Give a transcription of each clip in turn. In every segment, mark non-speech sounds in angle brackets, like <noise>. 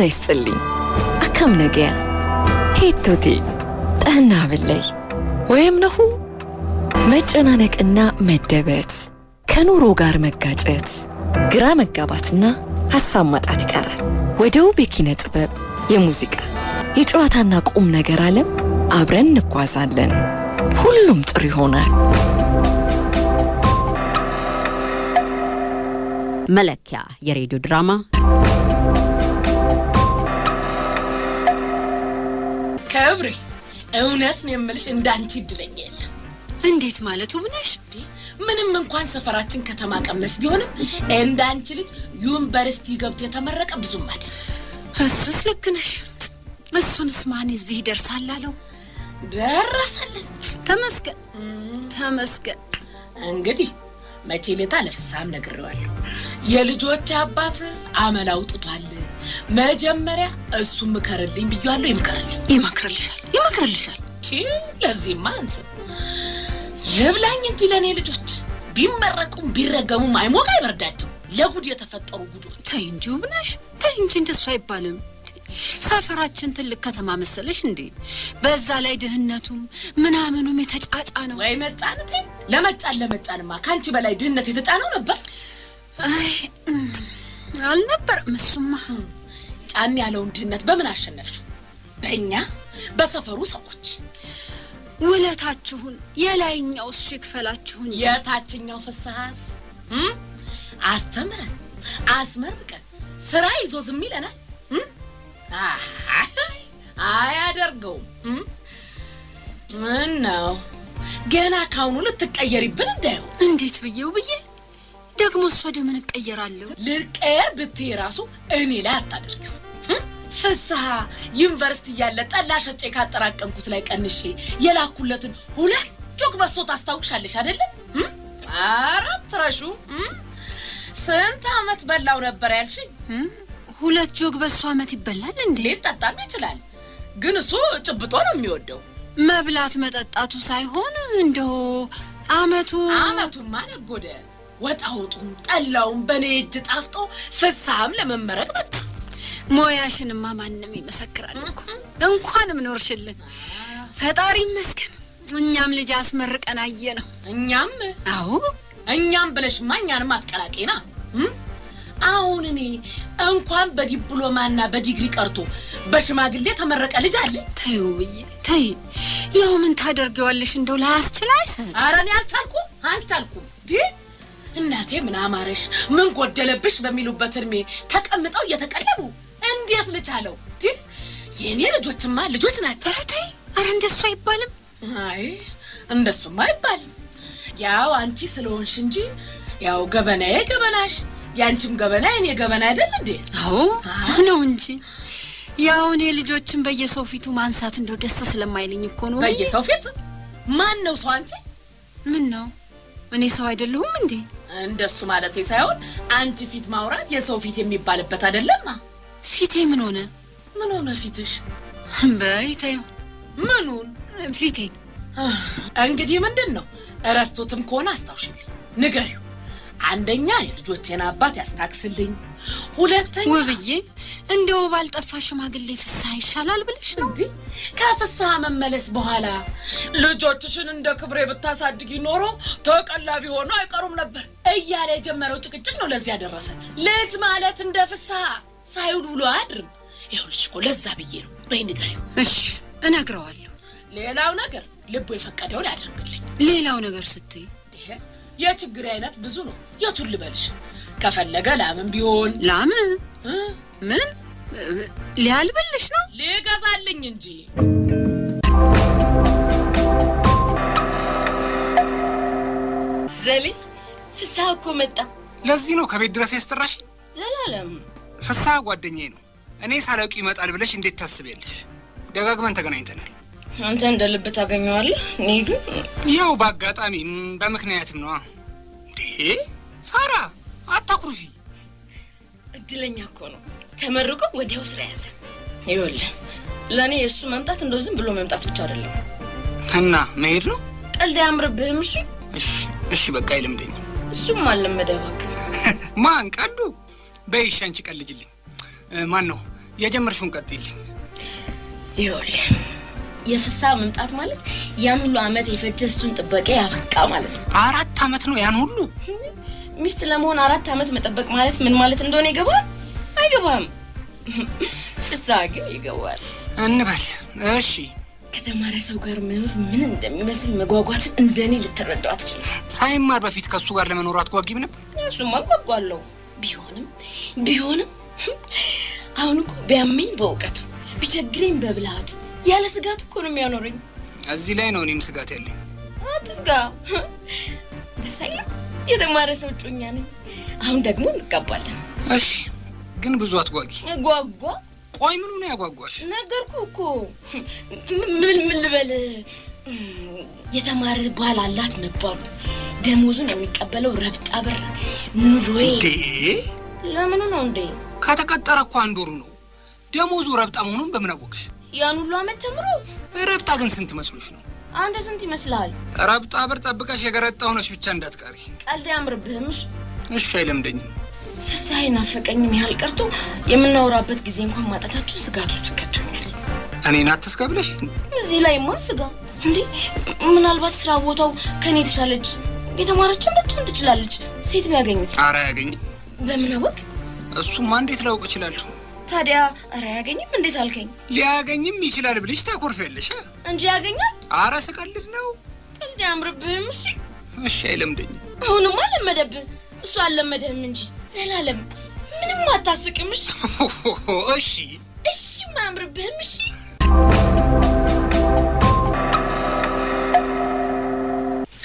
ጤና ይስጥልኝ። አካም ነገያ ሄቶቴ ጠና ብለይ ወይም ነሁ መጨናነቅና መደበት ከኑሮ ጋር መጋጨት ግራ መጋባትና ሀሳብ ማጣት ይቀራል። ወደ ውብ የኪነ ጥበብ፣ የሙዚቃ፣ የጨዋታና ቁም ነገር ዓለም አብረን እንጓዛለን። ሁሉም ጥሩ ይሆናል። መለኪያ የሬዲዮ ድራማ ክብሪ፣ እውነት ነው የምልሽ እንዳንቺ እድለኛ የለም። እንዴት ማለቱ ብነሽ? ምንም እንኳን ሰፈራችን ከተማ ቀመስ ቢሆንም እንዳንቺ ልጅ ዩኒቨርሲቲ ገብቶ የተመረቀ ብዙም አይደል። እሱስ ልክ ነሽ። እሱንስ ማን እዚህ ይደርሳል አለው። ደረሰልን። ተመስገን ተመስገን። እንግዲህ መቼ ሌታ ለፍሳም ነግሬዋለሁ። የልጆች አባት አመል አውጥቷል። መጀመሪያ እሱ ምከርልኝ ብያለሁ። ይምከርልኝ፣ ይመክርልሻል፣ ይመክርልሻል። ለዚህማ አንስ የብላኝ እንጂ ለእኔ ልጆች ቢመረቁም ቢረገሙም አይሞቅ አይበርዳቸው። ለጉድ የተፈጠሩ ጉዶ። ተይ እንጂ ውብነሽ፣ ተይ እንጂ እንደሱ አይባልም። ሰፈራችን ትልቅ ከተማ መሰለሽ እንዴ? በዛ ላይ ድህነቱም ምናምኑም የተጫጫ ነው። ወይ መጫንቴ! ለመጫን ለመጫንማ ከአንቺ በላይ ድህነት የተጫነው ነበር። አይ አልነበረም እሱማ ጫን ያለውን ድህነት በምን አሸነፍሽ? በእኛ በሰፈሩ ሰዎች ውለታችሁን የላይኛው እሱ ይክፈላችሁን። የታችኛው ፍስሐስ አስተምረን አስመርቀን ስራ ይዞ ዝም ይለናል። አያደርገውም። ነው ገና ካሁኑ ልትቀየሪብን እንዳየው እንዴት ብዬው ብዬ ደግሞ እሷ ወደ ምን እቀየራለሁ? ልቀየር ብትይ ራሱ እኔ ላይ አታደርጊው። ፍስሐ ዩኒቨርሲቲ እያለ ጠላ ሸጬ ካጠራቀምኩት ላይ ቀንሼ የላኩለትን ሁለት ጆግ በሶ ታስታውቅሻለሽ አደለ? አራት ረሹ ስንት አመት በላው ነበር ያልሽ? ሁለት ጆግ በሶ አመት ይበላል እንዴ? ሊጠጣም ይችላል፣ ግን እሱ ጭብጦ ነው የሚወደው። መብላት መጠጣቱ ሳይሆን እንደው አመቱ አመቱን ማነጎደ ወጣወጡም ጠላውም በእኔ እጅ ጣፍጦ ፍስሐም ለመመረቅ መጣ። ሞያሽንማ ማንም ይመሰክራል እኮ እንኳንም ኖርሽልን። ፈጣሪ ይመስገን። እኛም ልጅ አስመርቀን አየ ነው። እኛም አዎ፣ እኛም ብለሽማ እኛንም አትቀላቂና። አሁን እኔ እንኳን በዲፕሎማና በዲግሪ ቀርቶ በሽማግሌ ተመረቀ ልጅ አለ። ተይው ብዬ ተይ፣ ይኸው ምን ታደርጊዋለሽ? እንደው ላያስችል አይሰጥ። ኧረ እኔ አልቻልኩም አልቻልኩም ዲ እናቴ ምን አማረሽ፣ ምን ጎደለብሽ በሚሉበት እድሜ ተቀምጠው እየተቀለቡ እንዴት ልቻለው? ድል የእኔ ልጆችማ ልጆች ናቸው። ኧረ ተይ፣ ኧረ እንደሱ አይባልም። አይ እንደሱማ አይባልም። ያው አንቺ ስለሆንሽ እንጂ ያው ገበናዬ ገበናሽ፣ የአንቺም ገበና የኔ ገበና አይደል እንዴ? አዎ ነው እንጂ ያው እኔ ልጆችን በየሰው ፊቱ ማንሳት እንደው ደስ ስለማይልኝ እኮ ነው። በየሰው ፊት ማን ነው ሰው? አንቺ ምን ነው እኔ ሰው አይደለሁም እንዴ? እንደሱ ማለት ሳይሆን አንቺ ፊት ማውራት የሰው ፊት የሚባልበት አይደለም ፊቴ ምን ሆነ? ምን ሆነ ፊትሽ? በይ ተይው። ምኑን? ፊቴን። እንግዲህ ምንድን ነው እረስቶትም ከሆነ አስታውሽልኝ፣ ንገሪው አንደኛ የልጆቼን አባት ያስታክስልኝ፣ ሁለተኛ ውብዬ፣ እንደው ባልጠፋ ሽማግሌ ፍስሐ ይሻላል ብለሽ ነው። እንዴ? ከፍስሐ መመለስ በኋላ ልጆችሽን እንደ ክብሬ ብታሳድጊ ኖሮ ተቀላቢ ሆኖ አይቀሩም ነበር እያለ የጀመረው ጭቅጭቅ ነው ለዚህ ያደረሰ። ልጅ ማለት እንደ ፍስሐ ሳይውል ውሎ አያድርም። ይኸውልሽ እኮ ለዛ ብዬ ነው። በይ ንገሪው። እሺ እነግረዋለሁ። ሌላው ነገር ልቡ የፈቀደውን ያደርግልኝ። ሌላው ነገር ስትይ የችግር አይነት ብዙ ነው። የቱን ልበልሽ? ከፈለገ ላምን ቢሆን ላም ምን ሊያልበልሽ ነው? ሊገዛልኝ እንጂ ዘሌ ፍስሐ እኮ መጣ። ለዚህ ነው ከቤት ድረስ ያስጠራሽ። ዘላለም ፍስሐ ጓደኛዬ ነው። እኔ ሳላውቅ ይመጣል ብለሽ እንዴት ታስቢያለሽ? ደጋግመን ተገናኝተናል። አንተ እንደ ልብ ታገኘዋለህ። እኔ ግን ያው በአጋጣሚ በምክንያትም ነዋ። እንዴ ሳራ አታኩርፊ። እድለኛ እኮ ነው፣ ተመርቆ ወዲያው ስራ ያዘ። ይኸውልህ ለእኔ የእሱ መምጣት እንደው ዝም ብሎ መምጣት ብቻ አይደለም እና መሄድ ነው። ቀልድ አያምርብህም? እሺ እሺ እሺ፣ በቃ ይልምደኝ። እሱም አልለመደ እባክህ። <laughs> ማን ቀዱ? በይሽ አንቺ ቀልጅልኝ። ማን ነው የጀመርሽውን ቀጥይልኝ። ይኸውልህ የፍሳ መምጣት ማለት ያን ሁሉ አመት የፈጀ እሱን ጥበቀ ያበቃ ማለት ነው። አራት አመት ነው ያን ሁሉ ሚስት ለመሆን አራት አመት መጠበቅ ማለት ምን ማለት እንደሆነ ይገባል አይገባም? <laughs> ፍሳ ግን ይገባል እንበል። እሺ ከተማረ ሰው ጋር መኖር ምን እንደሚመስል መጓጓትን እንደኔ ልትረዳው አትችልም። ሳይማር በፊት ከእሱ ጋር ለመኖር አትጓጊም ነበር? እሱማ አጓጓለሁ። ቢሆንም ቢሆንም አሁን እኮ ቢያመኝ በእውቀቱ ቢቸግረኝ በብልሃቱ ያለ ስጋት እኮ ነው የሚያኖረኝ። እዚህ ላይ ነው እኔም ስጋት ያለኝ። አትስጋ። ደስ አይልም? የተማረ ሰው እጮኛ ነኝ። አሁን ደግሞ እንጋባለን። እሺ፣ ግን ብዙ አትጓጊ። ጓጓ? ቆይ ምኑ ነው ያጓጓሽ? ነገርኩ እኮ። ምን ምን ልበል፣ የተማረ ባል አላት መባሉ፣ ደሞዙን የሚቀበለው ረብጣ ብር፣ ኑሮዬ። ለምኑ ነው እንዴ? ከተቀጠረ እኮ አንድ ወሩ ነው። ደሞዙ ረብጣ መሆኑን በምን አወቅሽ? ያን ሁሉ አመት ተምሮ ረብጣ ግን ስንት መስሎሽ ነው? አንተ ስንት ይመስልሃል? ረብጣ ብር ጠብቀሽ የገረጣ ሆነሽ ብቻ እንዳትቀሪ። ቀልድ አያምርብህም። እሺ አይለምደኝም። ፍሳ ናፈቀኝም ያህል ቀርቶ የምናወራበት ጊዜ እንኳን ማጣታችሁ ስጋት ውስጥ ከቶኛል። እኔን አትስከብለሽ። እዚህ ማ ስጋ እንዴ! ምናልባት ስራ ቦታው ከእኔ የተሻለች የተማረች ልትሆን ትችላለች። ሴት ቢያገኝስ? ኧረ ያገኝ በምን አወቅ? እሱማ እንዴት ላውቅ እችላለሁ? ታዲያ ኧረ አያገኝም እንዴት አልከኝ? ሊያገኝም ይችላል ብልሽ ታኮርፊያለሽ እንጂ ያገኛል። አረ ስቀልድ ነው። እንዲ አምርብህም። እሺ እሺ፣ አይለምደኝ። አሁንም አለመደብህ እሱ አለመደህም እንጂ ዘላለም ምንም አታስቅም። እሺ እሺ እሺ፣ አያምርብህም። እሺ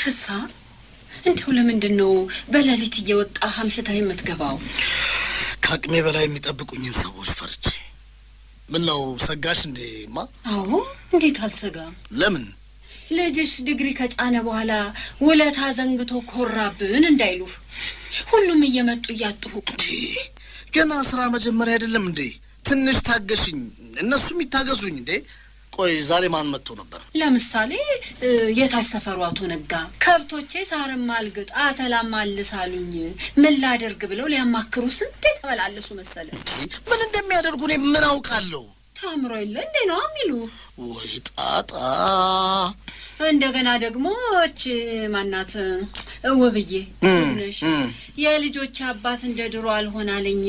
ፍሳ፣ እንዲሁ ለምንድን ነው በሌሊት እየወጣ ሀምሽታ የምትገባው? ከአቅሜ በላይ የሚጠብቁኝን ሰዎች ፈርቼ። ምን ነው ሰጋሽ እንዴ? ማ አዎ፣ እንዴት አልሰጋም። ለምን ልጅሽ ዲግሪ ከጫነ በኋላ ውለታ ዘንግቶ ኮራብን እንዳይሉ ሁሉም እየመጡ እያጡሁ። ገና ስራ መጀመሪያ አይደለም እንዴ? ትንሽ ታገሽኝ፣ እነሱም ይታገሱኝ እንዴ ቆይ ዛሬ ማን መጥቶ ነበር? ለምሳሌ የታች ሰፈሩ አቶ ነጋ ከብቶቼ ሳርም አልግጥ አተላም አልሳሉኝ ምን ላደርግ ብለው ሊያማክሩ ስንት ተመላለሱ መሰለ። ምን እንደሚያደርጉ እኔ ምን አውቃለሁ? አእምሮ የለ እንዴ ነው የሚሉ ወይ ጣጣ። እንደገና ደግሞ እች ማናት እውብዬ ነሽ የልጆች አባት እንደ ድሮ አልሆናለኝ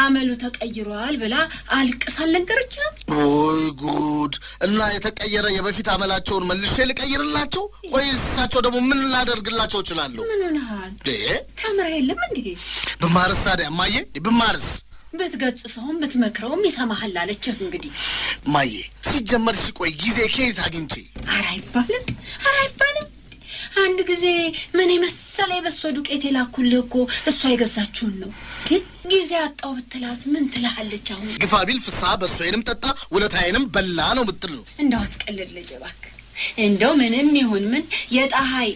አመሉ ተቀይሯል ብላ አልቅስ አልነገረችም። ወይ ጉድ! እና የተቀየረ የበፊት አመላቸውን መልሼ ልቀይርላቸው? ወይ እሳቸው ደግሞ ምን ላደርግላቸው እችላለሁ? ምን ሆነሃል? ተምረህ የለም እንዴ? ብማርስ ታዲያ እማዬ ብማርስ ብትገጽሰውም ብትመክረውም ይሰማሃል አለችህ። እንግዲህ ማዬ ሲጀመር ሽቆይ ጊዜ ከየት አግኝቼ ኧረ አይባልም፣ ኧረ አይባልም። አንድ ጊዜ ምን የመሰለ የበሶ ዱቄት የላኩልህ እኮ እሷ የገዛችሁን ነው። ግን ጊዜ አጣው ብትላት ምን ትልሃለች? አሁን ግፋ ቢል ፍስሐ በሶዬንም ጠጣ ውለታዬንም በላ ነው ምትል ነው። እንዳው አትቀልድ ልጄ እባክህ እንደው ምንም ይሁን ምን የጠሀይ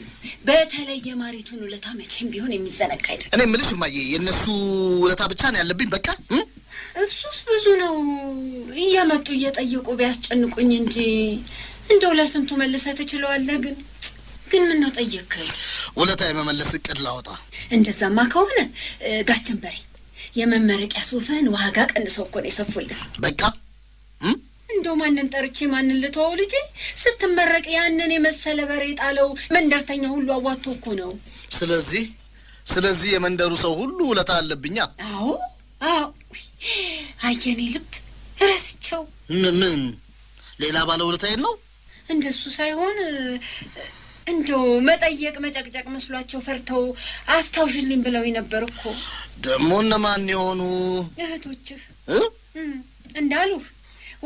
በተለይ የማሪቱን ውለታ መቼም ቢሆን የሚዘነጋ አይደለም። እኔ ምልሽ እማዬ የእነሱ ውለታ ብቻ ነው ያለብኝ። በቃ እሱስ ብዙ ነው። እየመጡ እየጠየቁ ቢያስጨንቁኝ እንጂ እንደው ለስንቱ መልሰ ትችለዋለህ። ግን ግን ምን ነው ጠየቅህ? ውለታ የመመለስ እቅድ ላወጣ። እንደዛማ ከሆነ ጋችን በሬ የመመረቂያ ሱፍህን ዋጋ ቀንሰው እኮ ነው የሰፉልህ። በቃ እንደው ማንን ጠርቼ ማንን ልተው? ልጄ ስትመረቅ ያንን የመሰለ በሬ ጣለው መንደርተኛ ሁሉ አዋጥቶ እኮ ነው። ስለዚህ ስለዚህ የመንደሩ ሰው ሁሉ ውለታ አለብኛ። አዎ አዎ። አየኔ ልብ ረስቸው። ምን ሌላ ባለ ውለታዬን ነው? እንደሱ ሳይሆን እንደው መጠየቅ መጨቅጨቅ መስሏቸው ፈርተው አስታውሽልኝ ብለው ነበር እኮ። ደግሞ እነማን የሆኑ እህቶችህ እንዳሉህ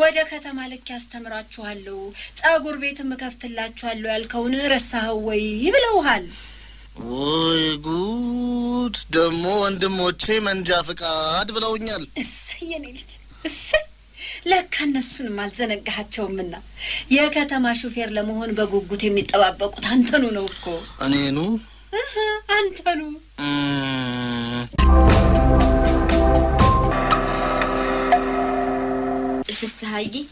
ወደ ከተማ ልክ ያስተምራችኋለሁ፣ ጸጉር ቤትም እከፍትላችኋለሁ ያልከውን ረሳኸው ወይ ይብለውሃል። ወይ ጉድ! ደግሞ ወንድሞቼ መንጃ ፍቃድ ብለውኛል። እሰይ የኔ ልጅ እሰይ! ለካ እነሱንም አልዘነጋሃቸውምና የከተማ ሹፌር ለመሆን በጉጉት የሚጠባበቁት አንተኑ ነው እኮ። እኔኑ? አንተኑ ፍስሀ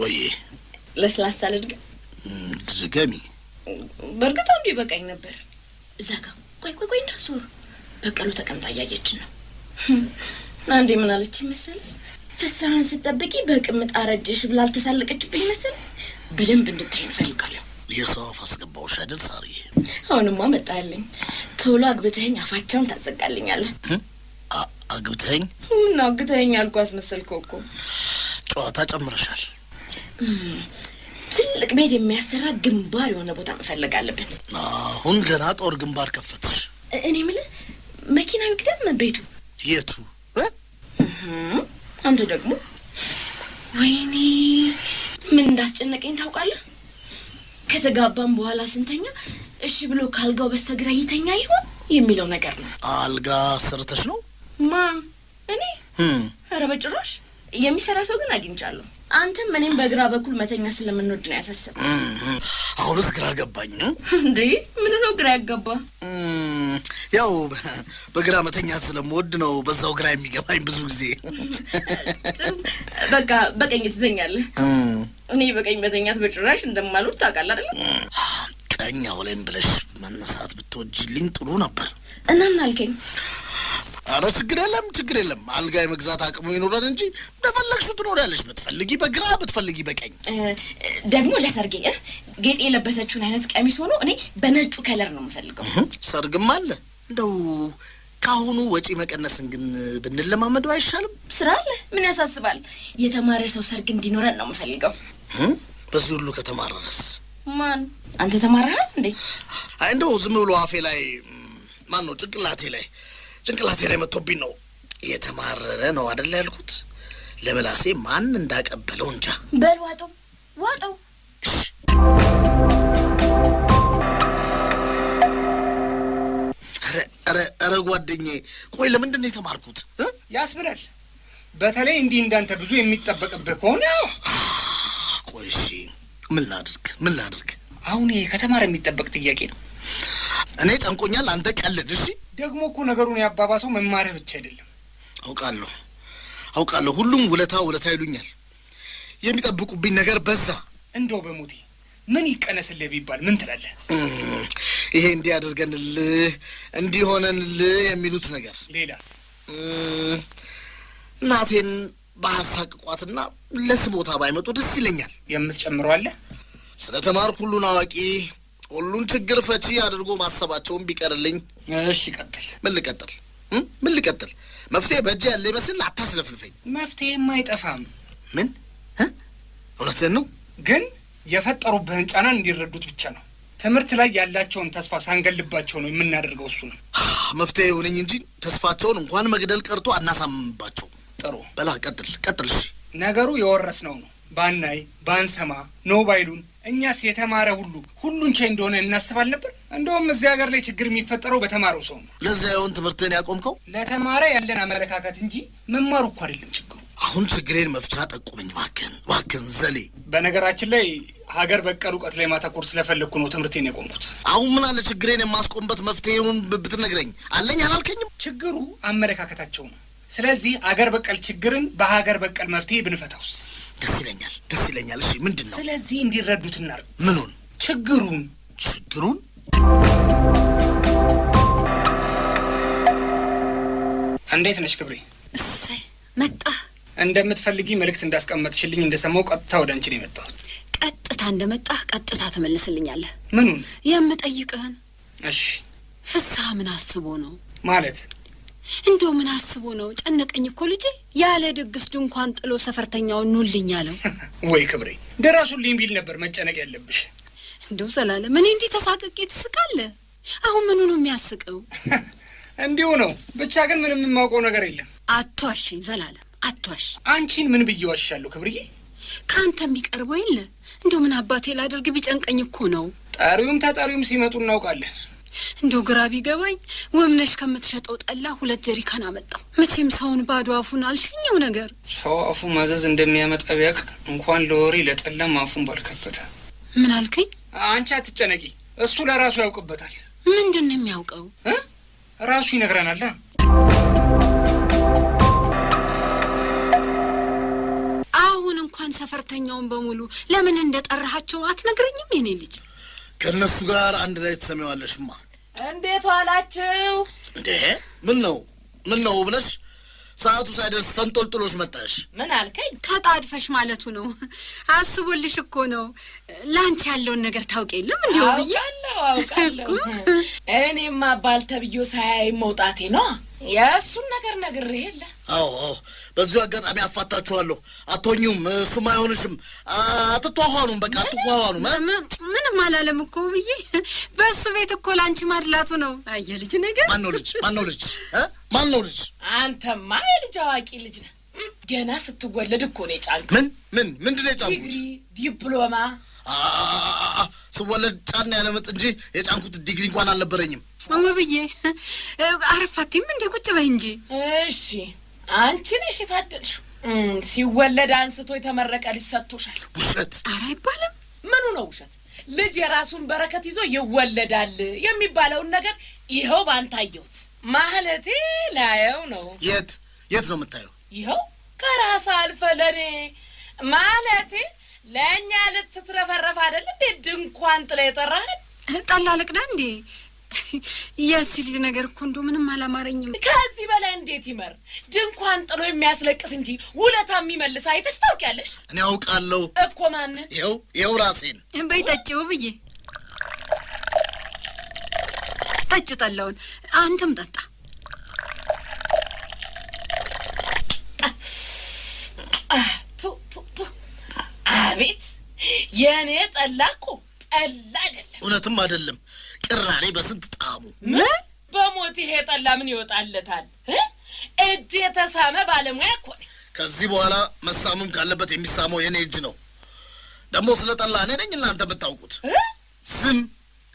ወይ ለስላሳ ልድጋ ዝገሚ በእርግጥ አንዱ ይበቃኝ ነበር። እዛ ጋ ቆይ ቆይ ቆይ እንዳሱር በቀሉ ተቀምጣ እያየችን ነው። <laughs> አንዴ ምን አለች ይመስል ፍስሀን ስጠብቂ በቅምጥ አረጀሽ ብላ አልተሳለቀችብኝ ይመስል በደንብ እንድታይ እንፈልጋለሁ። የሰው አፍ አስገባሁሽ አይደል ሳርዬ? አሁንማ መጣልኝ። ቶሎ አግብተኸኝ አፋቸውን ታዘጋልኛለህ። አግብተኝ ምን አግተኝ አልኩ አስመሰልከው እኮ ጨዋታ ጨምረሻል። ትልቅ ቤት የሚያሰራ ግንባር የሆነ ቦታ መፈለግ አለብን። አሁን ገና ጦር ግንባር ከፈትሽ። እኔ የምልህ መኪና ይቅደም ቤቱ የቱ? አንተ ደግሞ ወይኔ ምን እንዳስጨነቀኝ ታውቃለህ? ከተጋባም በኋላ ስንተኛ እሺ ብሎ ካልጋው በስተግራ ይተኛ ይሆን የሚለው ነገር ነው። አልጋ ሰርተሽ ነው ማ እኔ? ኧረ በጭራሽ የሚሰራ ሰው ግን አግኝቻለሁ። አንተም እኔም በግራ በኩል መተኛ ስለምንወድ ነው ያሳሰብ። አሁንስ ግራ ገባኝ። እንዴ ምን ነው ግራ ያገባ? ያው በግራ መተኛ ስለምወድ ነው በዛው ግራ የሚገባኝ ብዙ ጊዜ። በቃ በቀኝ ትተኛለህ። እኔ በቀኝ መተኛት በጭራሽ እንደማልወድ ታውቃለህ አይደለም? ቀኝ አውለን ብለሽ መነሳት ብትወጂልኝ ጥሩ ነበር። እና ምን አልከኝ? አረ ችግር የለም ችግር የለም። አልጋ የመግዛት አቅሙ ይኖረን እንጂ እንደፈለግሽው ትኖሪያለሽ። ብትፈልጊ በግራ ብትፈልጊ በቀኝ። ደግሞ ለሰርጌ ጌጥ የለበሰችውን አይነት ቀሚስ ሆኖ እኔ በነጩ ከለር ነው የምፈልገው። ሰርግም አለ። እንደው ከአሁኑ ወጪ መቀነስን ግን ብንለማመደው አይሻልም? ስራ አለ። ምን ያሳስባል? የተማረ ሰው ሰርግ እንዲኖረን ነው የምፈልገው። በዚህ ሁሉ ከተማረረስ ማን አንተ ተማረሃል እንዴ? አይ እንደው ዝም ብሎ አፌ ላይ ማን ነው ጭንቅላቴ ላይ ጭንቅላቴ ላይ መጥቶብኝ ነው። የተማረረ ነው አደለ ያልኩት። ለምላሴ ማን እንዳቀበለው እንጃ። በል ዋጠው፣ ዋጠው። ኧረ ጓደኛዬ፣ ቆይ ለምንድን ነው የተማርኩት ያስብላል። በተለይ እንዲህ እንዳንተ ብዙ የሚጠበቅብህ ከሆነ ቆይ፣ እሺ ምን ላድርግ? ምን ላድርግ? አሁን ይሄ ከተማረ የሚጠበቅ ጥያቄ ነው። እኔ ጨንቆኛል፣ አንተ ቀልድ። እሺ ደግሞ እኮ ነገሩን ያባባሰው መማሪያ ብቻ አይደለም። አውቃለሁ አውቃለሁ፣ ሁሉም ውለታ ውለታ ይሉኛል። የሚጠብቁብኝ ነገር በዛ። እንደው በሞቴ ምን ይቀነስልህ ቢባል ምን ትላለህ? ይሄ እንዲህ አድርገንልህ እንዲሆነንልህ የሚሉት ነገር ሌላስ? እናቴን በሀሳቅቋትና ለስሞታ ባይመጡ ደስ ይለኛል። የምትጨምረዋለህ? ስለ ተማርኩ ሁሉን አዋቂ ሁሉን ችግር ፈቺ አድርጎ ማሰባቸውን ቢቀርልኝ። እሺ ይቀጥል። ምን ልቀጥል? ምን ልቀጥል? መፍትሄ በእጅ ያለ ይመስል አታስለፍልፈኝ። መፍትሄም አይጠፋም። ምን እውነትን ነው ግን የፈጠሩብህን ጫና እንዲረዱት ብቻ ነው። ትምህርት ላይ ያላቸውን ተስፋ ሳንገልባቸው ነው የምናደርገው። እሱ ነው መፍትሄ የሆነኝ እንጂ ተስፋቸውን እንኳን መግደል ቀርቶ አናሳምምባቸው። ጥሩ በላ፣ ቀጥል ቀጥል። ነገሩ የወረስነው ነው ባናይ ባንሰማ ኖ ባይሉን እኛስ የተማረ ሁሉ ሁሉን ቻይ እንደሆነ እናስባል ነበር። እንደውም እዚህ ሀገር ላይ ችግር የሚፈጠረው በተማረው ሰው ነው። ለዚያውን ትምህርትን ያቆምከው ለተማረ ያለን አመለካከት እንጂ መማሩ እኮ አይደለም ችግሩ። አሁን ችግሬን መፍቻ ጠቁመኝ እባክህን፣ እባክህን ዘሌ። በነገራችን ላይ ሀገር በቀል እውቀት ላይ ማተኮር ስለፈለግኩ ነው ትምህርቴን ያቆምኩት። አሁን ምን አለ ችግሬን የማስቆምበት መፍትሄውን ብትነግረኝ። አለኝ አላልከኝም? ችግሩ አመለካከታቸው ነው። ስለዚህ አገር በቀል ችግርን በሀገር በቀል መፍትሄ ብንፈታውስ? ደስ ይለኛል፣ ደስ ይለኛል። እሺ ምንድን ነው? ስለዚህ እንዲረዱት እናድርግ። ምኑን? ችግሩን ችግሩን እንዴት ነሽ ክብሬ? እሰይ መጣ። እንደምትፈልጊ መልእክት እንዳስቀመጥሽልኝ እንደሰማው ቀጥታ ወደ አንቺ ነው የመጣሁት። ቀጥታ እንደመጣ ቀጥታ ትመልስልኛለህ? ምኑን? የምጠይቅህን። እሺ። ፍስሐ ምን አስቦ ነው ማለት እንደው ምን አስቦ ነው? ጨነቀኝ እኮ ልጄ። ያለ ድግስ ድንኳን ጥሎ ሰፈርተኛውን ኑልኝ አለው <laughs> ወይ? ክብሬ ደራሱልኝ ቢል ነበር መጨነቅ ያለብሽ። እንደው ዘላለም እኔ እንዲህ ተሳቅቄ ትስቃለ? አሁን ምኑ ነው የሚያስቀው? <laughs> እንዲሁ ነው ብቻ። ግን ምንም የማውቀው ነገር የለም። አቷሽኝ ዘላለም፣ አቷሽ። አንቺን ምን ብዬ ዋሻለሁ ክብርዬ? ከአንተ የሚቀርበው የለ። እንደው ምን አባቴ ላደርግ? ቢጨንቀኝ እኮ ነው። ጠሪውም ተጠሪውም ሲመጡ እናውቃለን። እንዲው ግራ ቢገባኝ ወምነሽ ከምትሸጠው ጠላ ሁለት ጀሪካን አመጣው። መቼም ሰውን ባዶ አፉን አልሸኘው ነገር ሰው አፉ ማዘዝ እንደሚያመጣ ቢያቅ እንኳን ለወሬ ለጠላም አፉን ባልከፈተ። ምን አልከኝ? አንቺ አትጨነቂ፣ እሱ ለራሱ ያውቅበታል። ምንድን ነው የሚያውቀው? ራሱ ይነግረናል። አሁን እንኳን ሰፈርተኛውን በሙሉ ለምን እንደጠራሃቸው አትነግረኝም? የኔ ልጅ ከእነሱ ጋር አንድ ላይ ትሰሚዋለሽማ። እንዴት ዋላችሁ? እንዴ ምን ነው ምን ነው ብለሽ ሰዓቱ ሳይደርስ ሰንጦልጥሎሽ መጣሽ። ምን አልከኝ? ተጣድፈሽ ማለቱ ነው። አስቦልሽ እኮ ነው። ለአንቺ ያለውን ነገር ታውቅ የለም እንዲሁ ብዬ አውቃለሁ። እኔማ ባል ሳያይ መውጣቴ ነው። የእሱን ነገር ነግሬህ የለ? አዎ አዎ። በዚሁ አጋጣሚ አፋታችኋለሁ። አቶኙም እሱም አይሆንሽም። አትቷኋኑም፣ በቃ አትቷኋኑም። ምንም አላለም እኮ ብዬ በእሱ ቤት እኮ ላንቺ ማድላቱ ነው። አየ ልጅ ነገር ማነው ልጅ ማነው ልጅ ማነው ልጅ? አንተማ የልጅ አዋቂ ልጅ ነህ። ገና ስትወለድ እኮ ነው የጫንክ። ምን ምን ምንድን ነው የጫንኩት? ዲግሪ ዲፕሎማ። ስወለድ ጫና ያለመጥ እንጂ የጫንኩት ዲግሪ እንኳን አልነበረኝም። ውብዬ አረፋቲም እንደ ቁጭ በይ እንጂ። እሺ አንቺ ነሽ የታደልሽው። ሲወለድ አንስቶ የተመረቀ ልጅ ሰጥቶሻል። ውሸት! አረ አይባልም። ምኑ ነው ውሸት? ልጅ የራሱን በረከት ይዞ ይወለዳል የሚባለውን ነገር ይኸው ባንተ አየሁት። ማለቴ ላየው ነው። የት የት ነው የምታየው? ይኸው ከራስ አልፈ ለኔ ማለቴ ለእኛ ልትትረፈረፍ አይደል እንዴ ድንኳን ጥላ የጠራህን? ጠላ ልቅዳ እንዴ <laughs> የዚህ ልጅ ነገር እኮ እንደው ምንም አላማረኝም። ከዚህ በላይ እንዴት ይመር? ድንኳን ጥሎ የሚያስለቅስ እንጂ ውለታ የሚመልስ አይተሽ ታውቂያለሽ? እኔ አውቃለሁ እኮ ማን? ይኸው ይኸው ራሴን በይ ጠጪው ብዬ ጠጭ፣ ጠላውን አንተም ጠጣ። አቤት የእኔ ጠላ እኮ ጠላ አይደለም፣ እውነትም አይደለም ቅራኔ በስንት ጣሙ በሞት ይሄ ጠላ ምን ይወጣለታል? እጅ የተሳመ ባለሙያ እኮ ነኝ። ከዚህ በኋላ መሳሙም ካለበት የሚሳመው የኔ እጅ ነው። ደግሞ ስለ ጠላ እኔ ነኝ እናንተ የምታውቁት። ስም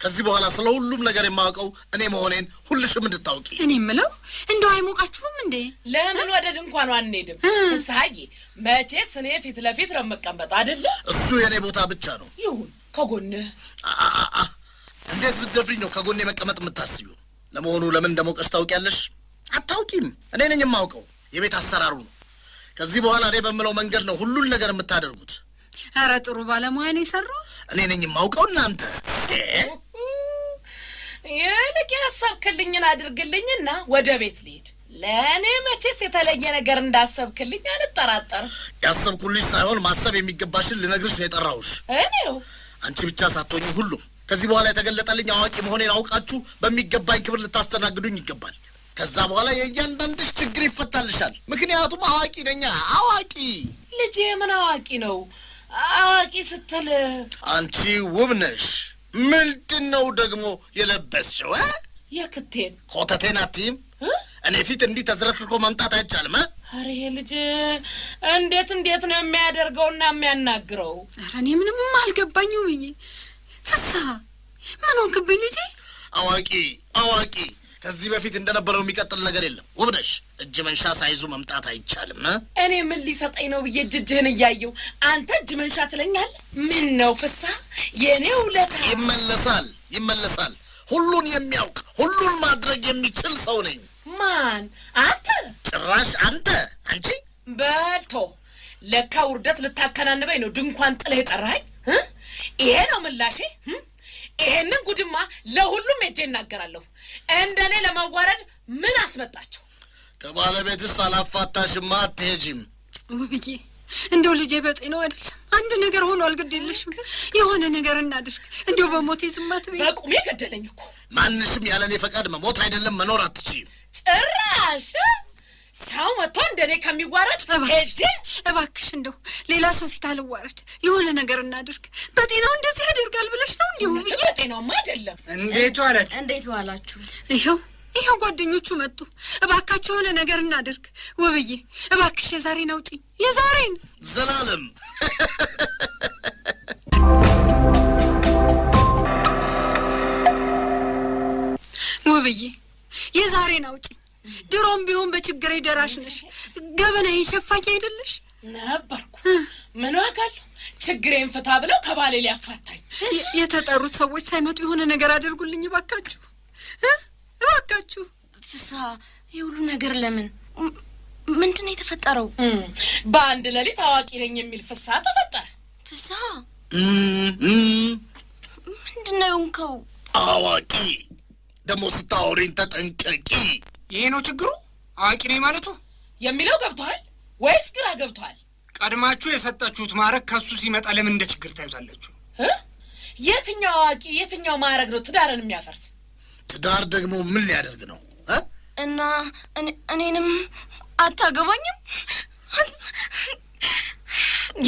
ከዚህ በኋላ ስለ ሁሉም ነገር የማውቀው እኔ መሆኔን ሁልሽም እንድታውቂ። እኔ ምለው እንደው አይሞቃችሁም እንዴ? ለምን ወደ ድንኳኑ አንሄድም? እሳይ መቼስ እኔ ፊት ለፊት ነው የምቀመጠው አይደለ? እሱ የእኔ ቦታ ብቻ ነው። ይሁን ከጎንህ እንዴት ብትደፍሪኝ ነው ከጎኔ መቀመጥ የምታስቢው? ለመሆኑ ለምን እንደሞቀሽ ታውቂያለሽ? አታውቂም። እኔ ነኝ የማውቀው፣ የቤት አሰራሩ ነው። ከዚህ በኋላ እኔ በምለው መንገድ ነው ሁሉን ነገር የምታደርጉት። ኧረ ጥሩ ባለሙያ ነው የሰሩ። እኔ ነኝ የማውቀው። እናንተ ይልቅ ያሰብክልኝን አድርግልኝና ወደ ቤት ልሂድ። ለእኔ መቼስ የተለየ ነገር እንዳሰብክልኝ አልጠራጠርም። ያሰብኩልሽ ሳይሆን ማሰብ የሚገባሽን ልነግርሽ ነው የጠራሁሽ። እኔው አንቺ ብቻ ሳትሆኚ ሁሉም ከዚህ በኋላ የተገለጠልኝ አዋቂ መሆኔን አውቃችሁ በሚገባኝ ክብር ልታስተናግዱኝ ይገባል። ከዛ በኋላ የእያንዳንድሽ ችግር ይፈታልሻል። ምክንያቱም አዋቂ ነኛ። አዋቂ ልጅ ምን አዋቂ ነው? አዋቂ ስትል አንቺ ውብ ነሽ። ምንድን ነው ደግሞ የለበስሽው? የክቴን ኮተቴን አትይም? እኔ ፊት እንዲህ ተዝረክርኮ መምጣት አይቻልም። ኧረ ይሄ ልጅ እንዴት እንዴት ነው የሚያደርገውና የሚያናግረው? ኧረ እኔ ምንም አልገባኝ ውብዬ ፍሳ ምን ሆንክብኝ ልጄ? አዋቂ አዋቂ ከዚህ በፊት እንደነበረው የሚቀጥል ነገር የለም። ውብነሽ እጅ መንሻ ሳይዙ መምጣት አይቻልም። እኔ ምን ሊሰጠኝ ነው ብዬ እጅድህን እያየው አንተ እጅ መንሻ ትለኛል ምን ነው ፍሳ የእኔ ውለታ ይመለሳል፣ ይመለሳል። ሁሉን የሚያውቅ ሁሉን ማድረግ የሚችል ሰው ነኝ። ማን አንተ? ጭራሽ አንተ አንቺ በልቶ ለካ ውርደት ልታከናንበኝ ነው ድንኳን ጥለህ የጠራኸኝ። ይሄ ነው ምላሽ። ይሄንን ጉድማ ለሁሉም ሄጄ እናገራለሁ። እንደኔ ለማዋረድ ምን አስመጣቸው? ከባለቤትስ አላፋታሽማ አትሄጂም ውብዬ እንደው ልጄ በጤናው አይደለም። አንድ ነገር ሆኖ አልግድ የለሽም የሆነ ነገር እናድርግ። እንደው በሞት የዝማት ቤ በቁሜ ገደለኝ እኮ። ማንሽም ያለኔ ፈቃድ መሞት አይደለም መኖር አትችይም ጭራሽ ሰው መጥቶ እንደኔ ከሚዋረድ ሄጅ እባክሽ፣ እንደው ሌላ ሰው ፊት አልዋረድ፣ የሆነ ነገር እናድርግ። በጤናው እንደዚህ ያደርጋል ብለሽ ነው? እንዲሁ ብዬ በጤናውማ አይደለም። እንዴት ዋለች? እንዴት ዋላችሁ? ይኸው ይኸው ጓደኞቹ መጡ። እባካችሁ የሆነ ነገር እናድርግ። ውብዬ እባክሽ የዛሬን አውጪኝ፣ የዛሬን ዘላለም ውብዬ የዛሬን አውጪኝ ድሮም ቢሆን በችግሬ ደራሽ ነሽ። ገበናዬን ሸፋኝ አይደለሽ ነበርኩ። ምን ዋጋለሁ? ችግሬን ፍታ ብለው ከባሌ ሊያፋታኝ የተጠሩት ሰዎች ሳይመጡ የሆነ ነገር አድርጉልኝ እባካችሁ፣ እባካችሁ። ፍስሐ፣ የሁሉ ነገር ለምን? ምንድን ነው የተፈጠረው? በአንድ ሌሊት አዋቂ ነኝ የሚል ፍስሐ ተፈጠረ። ፍስሐ፣ ምንድን ነው የሆንከው? አዋቂ ደግሞ ስታወሪን ተጠንቀቂ። ይሄ ነው ችግሩ። አዋቂ ነኝ ማለቱ የሚለው ገብቷል ወይስ ግራ ገብቷል? ቀድማችሁ የሰጣችሁት ማዕረግ ከሱ ሲመጣ ለምን እንደ ችግር ታዩታላችሁ? የትኛው አዋቂ የትኛው ማዕረግ ነው ትዳርን የሚያፈርስ? ትዳር ደግሞ ምን ሊያደርግ ነው? እና እኔንም አታገባኝም?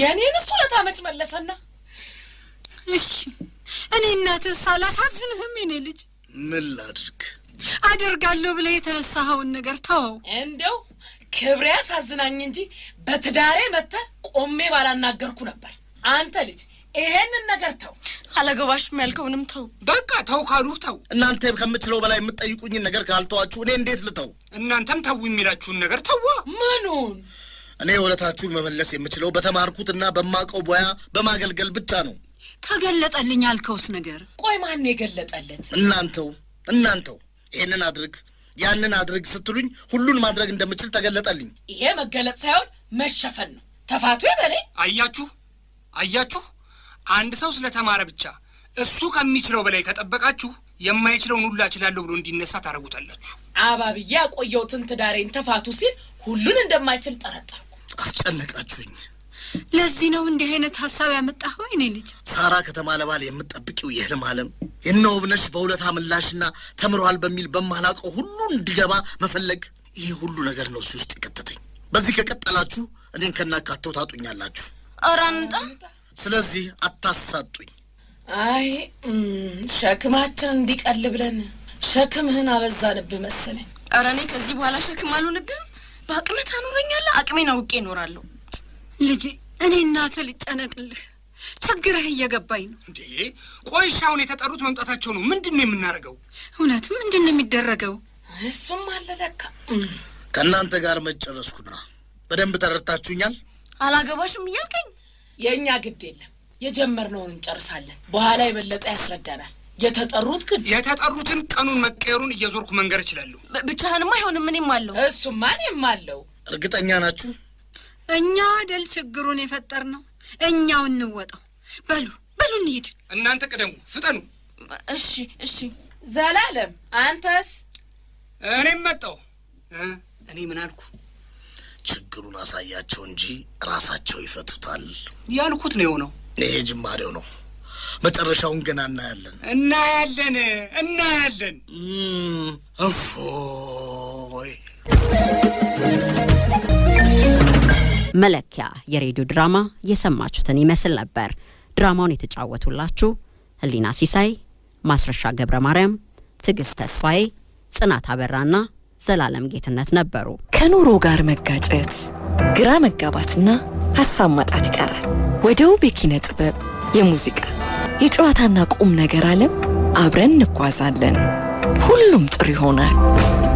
የእኔን እሱ ለታመች መለሰና እኔ እናትህ ሳላሳዝንህም የኔ ልጅ ምን ላድርግ አደርጋለሁ ብለህ የተነሳኸውን ነገር ተወው። እንደው ክብሬ አሳዝናኝ እንጂ በትዳሬ መጥተህ ቆሜ ባላናገርኩ ነበር። አንተ ልጅ ይሄንን ነገር ተው፣ አላገባሽም ያልከውንም ተው። በቃ ተው ካሉ ተው። እናንተ ከምችለው በላይ የምትጠይቁኝን ነገር ካልተዋችሁ እኔ እንዴት ልተው? እናንተም ተው የሚላችሁን ነገር ተዋ። ምኑን? እኔ ውለታችሁን መመለስ የምችለው በተማርኩትና በማውቀው ቦያ በማገልገል ብቻ ነው። ተገለጠልኝ ያልከውስ ነገር? ቆይ ማን የገለጠለት? እናንተው እናንተው ይህንን አድርግ ያንን አድርግ ስትሉኝ ሁሉን ማድረግ እንደምችል ተገለጠልኝ። ይሄ መገለጥ ሳይሆን መሸፈን ነው። ተፋቱ በላይ አያችሁ፣ አያችሁ አንድ ሰው ስለተማረ ብቻ እሱ ከሚችለው በላይ ከጠበቃችሁ የማይችለውን ሁሉ እችላለሁ ብሎ እንዲነሳ ታደርጉታላችሁ። አባብዬ ያቆየሁትን ትዳሬን ተፋቱ ሲል ሁሉን እንደማይችል ጠረጠርኩ። አስጨነቃችሁኝ። ለዚህ ነው እንዲህ አይነት ሀሳብ ያመጣኸው? የኔ ልጅ ሳራ ከተማ ለባል የምትጠብቂው የህልም አለም የነ ውብነሽ በውለታ ምላሽና ተምሯል በሚል በማላውቀው ሁሉ እንዲገባ መፈለግ፣ ይህ ሁሉ ነገር ነው እሱ ውስጥ የከተተኝ። በዚህ ከቀጠላችሁ እኔን ከናካተው ታጡኛላችሁ። አራንጣ ስለዚህ አታሳጡኝ። አይ ሸክማችን እንዲቀል ብለን ሸክምህን አበዛንብህ መሰለኝ። ኧረ እኔ ከዚህ በኋላ ሸክም አልሆንብህም። በአቅሜ ታኖረኛለህ። አቅሜን አውቄ እኖራለሁ። ልጅ እኔ እናተ ልጨነቅልህ ችግርህ እየገባኝ ነው እንዴ። ቆይሻውን የተጠሩት መምጣታቸው ነው። ምንድን ነው የምናደርገው? እውነትም ምንድን ነው የሚደረገው? እሱም አለ ለካ ከእናንተ ጋር መጨረስኩና በደንብ ተረድታችሁኛል። አላገባሽም እያልከኝ የእኛ ግድ የለም የጀመርነውን እንጨርሳለን። በኋላ የበለጠ ያስረዳናል። የተጠሩት ግን የተጠሩትን ቀኑን መቀየሩን እየዞርኩ መንገር እችላለሁ። ብቻህንማ አይሆንም። እኔም አለው እሱማ እኔም አለው። እርግጠኛ ናችሁ? እኛ አደል ችግሩን የፈጠር ነው። እኛው እንወጣው። በሉ በሉ እንሂድ። እናንተ ቅደሙ፣ ፍጠኑ። እሺ እሺ። ዘላለም አንተስ? እኔም መጣው። እኔ ምን አልኩ? ችግሩን አሳያቸው እንጂ ራሳቸው ይፈቱታል ያልኩት ነው የሆነው። ይሄ ጅማሬው ነው። መጨረሻውን ገና እናያለን እናያለን እናያለን። እፎይ መለኪያ የሬዲዮ ድራማ የሰማችሁትን ይመስል ነበር። ድራማውን የተጫወቱላችሁ ህሊና ሲሳይ፣ ማስረሻ ገብረ ማርያም፣ ትዕግስት ተስፋዬ፣ ጽናት አበራና ዘላለም ጌትነት ነበሩ። ከኑሮ ጋር መጋጨት፣ ግራ መጋባትና ሀሳብ ማጣት ይቀራል። ወደ ውብ የኪነ ጥበብ፣ የሙዚቃ፣ የጨዋታና ቁም ነገር አለም አብረን እንጓዛለን። ሁሉም ጥሩ ይሆናል።